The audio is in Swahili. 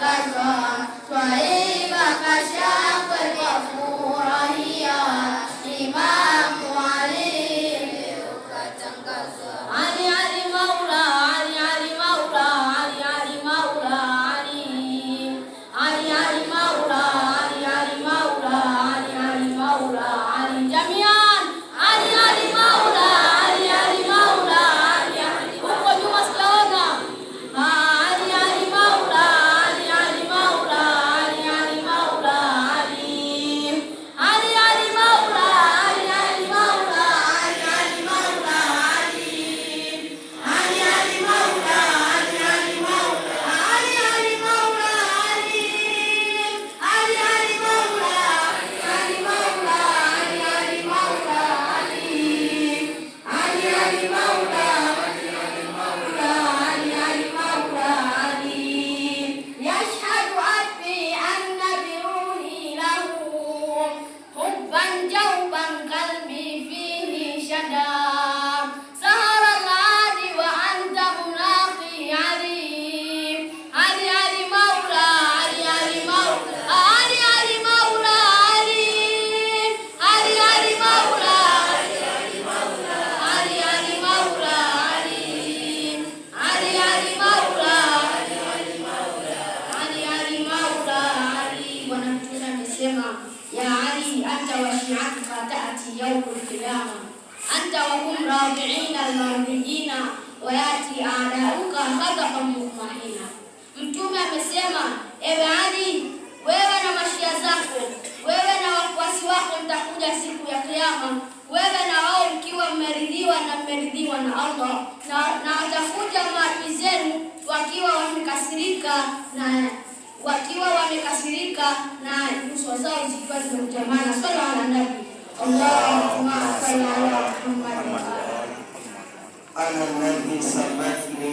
Thank you. anta wahum rabiina almarujina wayati adauka ghadaban mutmaina. Mtume amesema, ewe Ali, wewe na mashia zako, wewe na wafuasi wako mtakuja siku ya Kiyama, wewe na wao mkiwa mmeridhiwa na mmeridhiwa na Allah, na watakuja maadui zenu wakiwa wamekasirika na